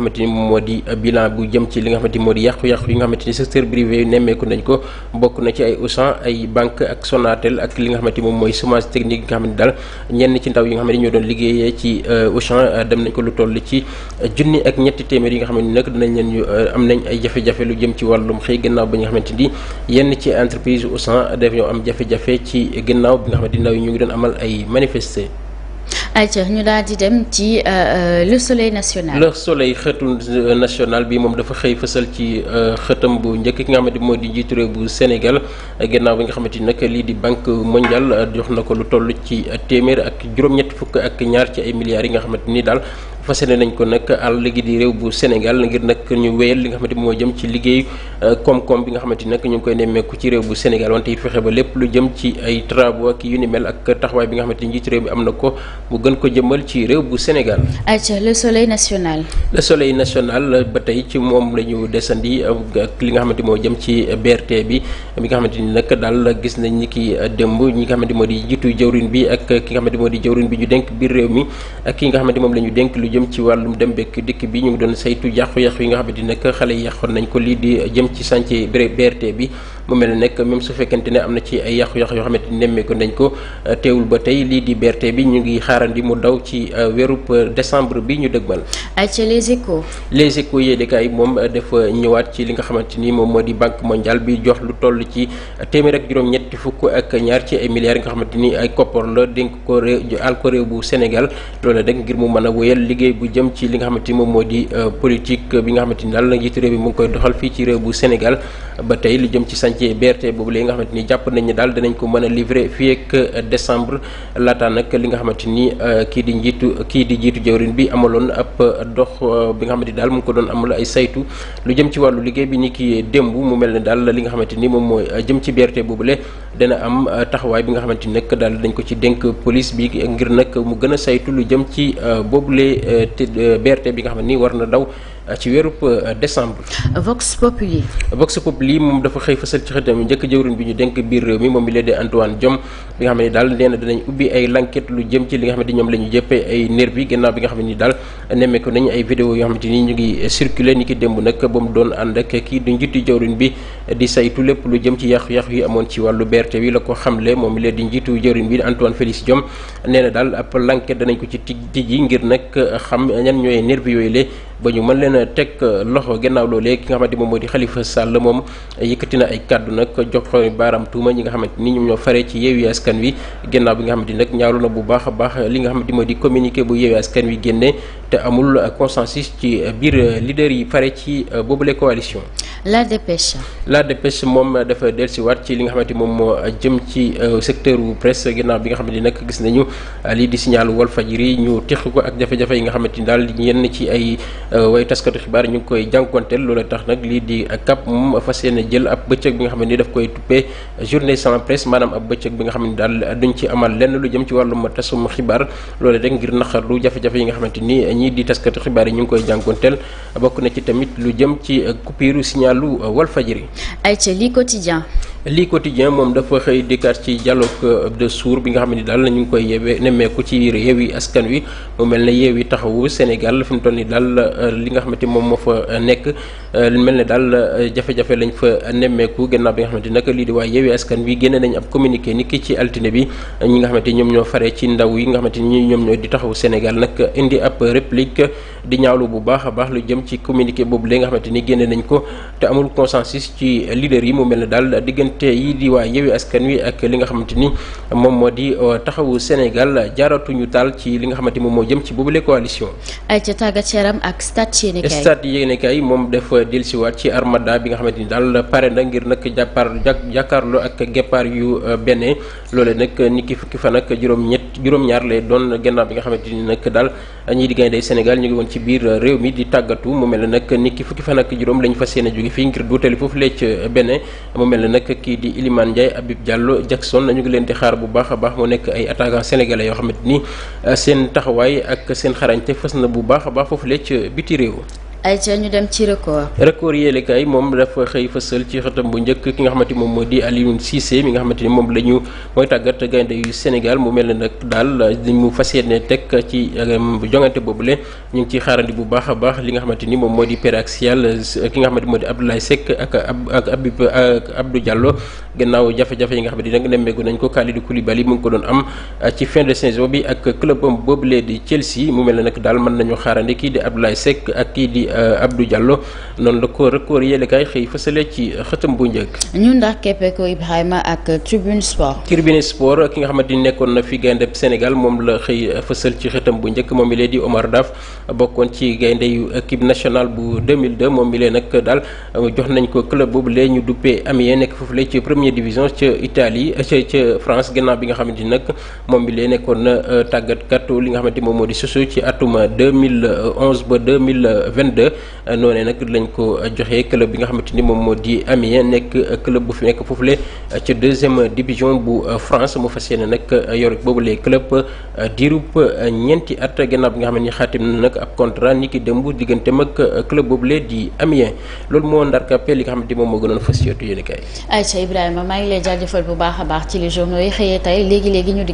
xamante ni moo di bilan bu jëm ci li nga xamante ni moo di yàqu-yàqu yi nga xamante ni secteur privé nemmeeku nañ ko bokk na ci ay Auchan ay banque ak Sonatel ak li nga xamante ni moom mooy chômage technique nga xamante ni daal ñenn ci ndaw yi nga xamante ni ñoo doon liggéeyee ci euh, Auchan euh, dem nañ ko lu toll ci junni ak ñetti téeméer yi nga xamante ni nag dinañ leen ñu euh, am nañ ay jafe-jafe lu jëm ci wàllum xëy gannaaw ba nga xamante ni yenn ci entreprise Auchan daf ñoo am jafe ci gannaaw bi nga xamante ni ndaw ñu ngi doon amal ay manifester ay ayca ñu daal di dem ci euh, euh, le soleil national. le soleil xëtu euh, national bi moom dafa xëy fësal ci xëtam bu njëkk ki nga xamante ni mooy di njiitu réew bu Sénégal gannaaw bi nga xamante ni nag lii di banque mondiale jox na ko lu toll ci téeméer ak juróom-ñetti fukk ak ñaar ci ay milliards yi nga xamante ni daal. fasale nañ ko nag àll gi di réew bu Sénégal ngir nag ñu wéyal li nga xamante ni jëm ci liggéey euh, koom-koom bi nga xamante ni nag ñu ngi koy nemmeeku ci réew bu Sénégal wante it fexe ba lépp lu jëm ci ay travaux ak yu ni mel ak taxawaay bi nga xamante ni njiitu réew bi am na ko mu gën ko jëmal ci réew bu Sénégal. ayca le soleil national. le soleil national ba tey ci moom la ñu desandi euh, ak li nga xamante moo jëm ci BRT bi bi nga xamante ni nag daal gis nañ ni ki euh, démb ñi nga xamante moo di jiitu jawrin bi ak ki nga xamante moo di jawrin bi ñu dénk biir mi ak ki jëm ci wàllum dem bekk dikk bi ñu ngi doon saytu yàqu-yàqu yi nga xamante ni nag xale yi yàqoon nañ ko lii di jëm ci chantier BRT bi mu mel ne nag même su fekkente ne am na ci ay yàqu-yàqu yoo xamante ni nemmeeku nañ ko euh, teewul ba tey lii di berte bi ñu ngi xaaral di mu daw ci euh, weerub euh, décembre bi ñu dëgmal. ayca les échos. les échos yéenekaay moom dafa ñëwaat ci li nga xamante ni moom moo di banque mondiale bi jox lu toll ci téeméer ak juróom-ñetti fukk ak ñaar ci ay milliards yi nga xamante ni ay koppar la dénk ko réew al ko réew bu Sénégal loolu rek ngir mu mën a wéyal liggéey bu jëm ci li nga xamante ni moom moo di politique bi nga xamante ni daal njiitu réew bi mu ngi koy doxal fii ci réew bu Sénégal ci BRT boobu li nga xamante ni jàpp nañ ni daal dinañ ko mën a livrer fii ak euh, décembre laataa nag li nga xamante ni euh, kii di njiitu kii di jiitu jawrin bi amaloon ab dox euh, bi nga xamante ni daal mu ngi ko doon amal ay saytu lu jëm ci wàllu liggéey bi ni ki démb mu mel ne daal li nga xamante ni moom mooy jëm ci BRT boobule dana am taxawaay bi nga xamante ni nag daal dañ ko ci dénk police bi ngir nag mu gën a saytu lu jëm ci boobu boobule berte bi nga xamante ni war na daw Ah, euh, décembre. Vox Populi. Vox Populi c'est dafa xëy fësal de xëtam njëkk jëwriñ bi ñu denk biir réew mi de Antoine Diom. bi nga de je dinañ ubbi ay lanket lu jëm ci li nga nemmeeku nañu ay vidéo yoo xamante ni ñu ngi circuler ni ki démb nag ba mu doon ànd ak kii di njiitu jawriñ bi di saytu lépp lu jëm ci yàqu-yàqu yi amoon ci wàllu BRT wi la ko xamle moom lee di njiitu jawriñ bi Antoine Félix Diome nee na daal ab lanket danañ ko ci tijji ngir nag xam ñan ñooy nervi yooyu le ba ñu mën leen a teg loxo gannaaw loolee ki nga xamante moom moo di xalifa Sall moom yëkkati na ay kàddu nag jox ko baaraam tuuma ñi nga xamante ni ñoom ñoo fare ci yeewi askan wi gannaaw bi nga xamante ni nag ñaawlu na bu baax a baax li nga xamante moo di communiqué bu yeewi askan wi génne amul consensus ci bir leader yi pare ci euh, bobule coalition. la dépêche. la dépêche moom dafa dellusiwaat ci li nga xamante moom moo jëm ci euh, secteur wu presse ginnaaw bi nga xamante ni nag gis nañu euh, lii di signaalu Walfadjri ñu teq ko ak jafe-jafe yi nga xamante ni daal yenn ci ay euh, way taskatu xibaar ñu ngi koy jànkuwanteel loola tax nag lii di CAP moom fas jël ab bi nga xam ne daf koy tuppee journée sans presse maanaam ab bëccëg bi nga xam ne daal duñ ci amal lenn lu jëm ci wàllum tasum xibaar loole rek ngir naqarlu jafe-jafe yi nga xamante ni ñii di taskatu xibaar yi ñu ngi koy jànkuwanteel bokk na ci tamit lu jëm ci coupure signal yàllu euh, ay ayca lii quotidien lii quotidien moom dafa xëy dikkaat ci jaloo euh, de sourds bi nga xam ne daal ñu ngi koy yebe nemmeeku ci réew yi askan wi mu mel ne yeew yi taxawu Sénégal fi mu toll ni daal euh, li nga xamante moom moo fa nekk li mel ne daal jafe-jafe lañ fa nemmeeku gannaaw bi nga xamante nag lii di waa yeewi askan wi génne nañ ab communiqué ni ci altine bi ñi nga xamante ñoom ñoo fare ci ndaw yi nga xamante ni ñoom ñoo di taxawu Sénégal nag indi ab réplique di ñaawlu bu baax a baax lu jëm ci communiqué boobu léegi nga xamante ni génne nañ ko te amul consensus ci leader yi mu mel ne daal diggante yi di waa yewi askan wi ak li nga xamante ni moom di euh, taxawu Sénégal jaaratuñu taal ci li nga xamante moom moo jëm ci boobule coalition. ay ca tàggat yaram ak stade yéenekaay stade yéenekaay moom dafa dellusiwaat ci armada bi nga xamante ni daal pare na ngir nag jàppaar jàkkaarloo ak geppaar yu euh, benn loole nag ni fukki fan ak juróom-ñett juróom-ñaar lay doon gannaaw bi nga xamante ni nag daal ñii di gaynde Sénégal ñu ngi woon ci biir réew mi di tàggatu mu mel ne nag fukki fan ak juróom lañu fas yéene jóge fii ngir duutali foofu lee ca Bénin mu mel ne nag kii di Ilimane Ndiaye Habib Diallo Jackson ñu ngi leen di xaar bu baax a baax mu nekk ay attaquant sénégalais yoo xamante ni seen taxawaay ak seen xarañte fës na bu baax a baax foofu lee ca biti réew. ay ca ñu dem ci record. record yéele kay moom dafa xëy fësal ci xëtam bu njëkk ki nga xamante moom moo di Alioune Cissé mi nga moom la ñu mooy tàggat gaynde yu Sénégal mu mel ne nag daal di mu fas ne teg ci euh, jongante boobule ñu ngi ciy xaarandi bu baax a baax li nga xamante ni moom moo di ak Axial ki nga xamante moo di Abdoulaye sekk ak ab ak Abib Abdou Diallo. gannaaw jafe-jafe yi nga xam ne nag nemmeeku nañ ko Kalidou Koulibaly mu ngi ko doon am uh, ci fin de saison bi ak club am boobulee di Chelsea mu mel ne nag daal mën nañu uh, bu njëkk. ñu ndax keppe ko Ibrahima ak Tribune ki nga xamante ni nekkoon na fi gaynde Sénégal moom la xëy fësal ci xëtam bu njëkk moom mi lee di Omar Daf bokkoon ci gaynde yu équipe nationale bu 2002 moom mi lee nag daal uh, jox nañ ko club boobu lee ñu duppee Amiens nekk foofu lee ci première division ca Italie ca ca France gannaaw bi nga xamante ni nag moom bi lee nekkoon na euh, tàggatkat li nga xamante moom moo di soso ci atuma 2011 euh, ba 2022 euh, noonee nag lañ ko joxee club bi nga xamante ni moom moo di Amiens nekk club bu fi nekk foofule ca deuxième division bu France mu fas yéene nag yor boobulee club diirub ñeenti at gannaaw bi nga xamante ni xaatim na nag ab contrat ni ki démb digganteem ak club boobulee di Amiens loolu moo ndarkape li nga xamante moom moo gënoon fa yéene Maman, il ngi lay bu les journaux et xëyee tey de léegi ñu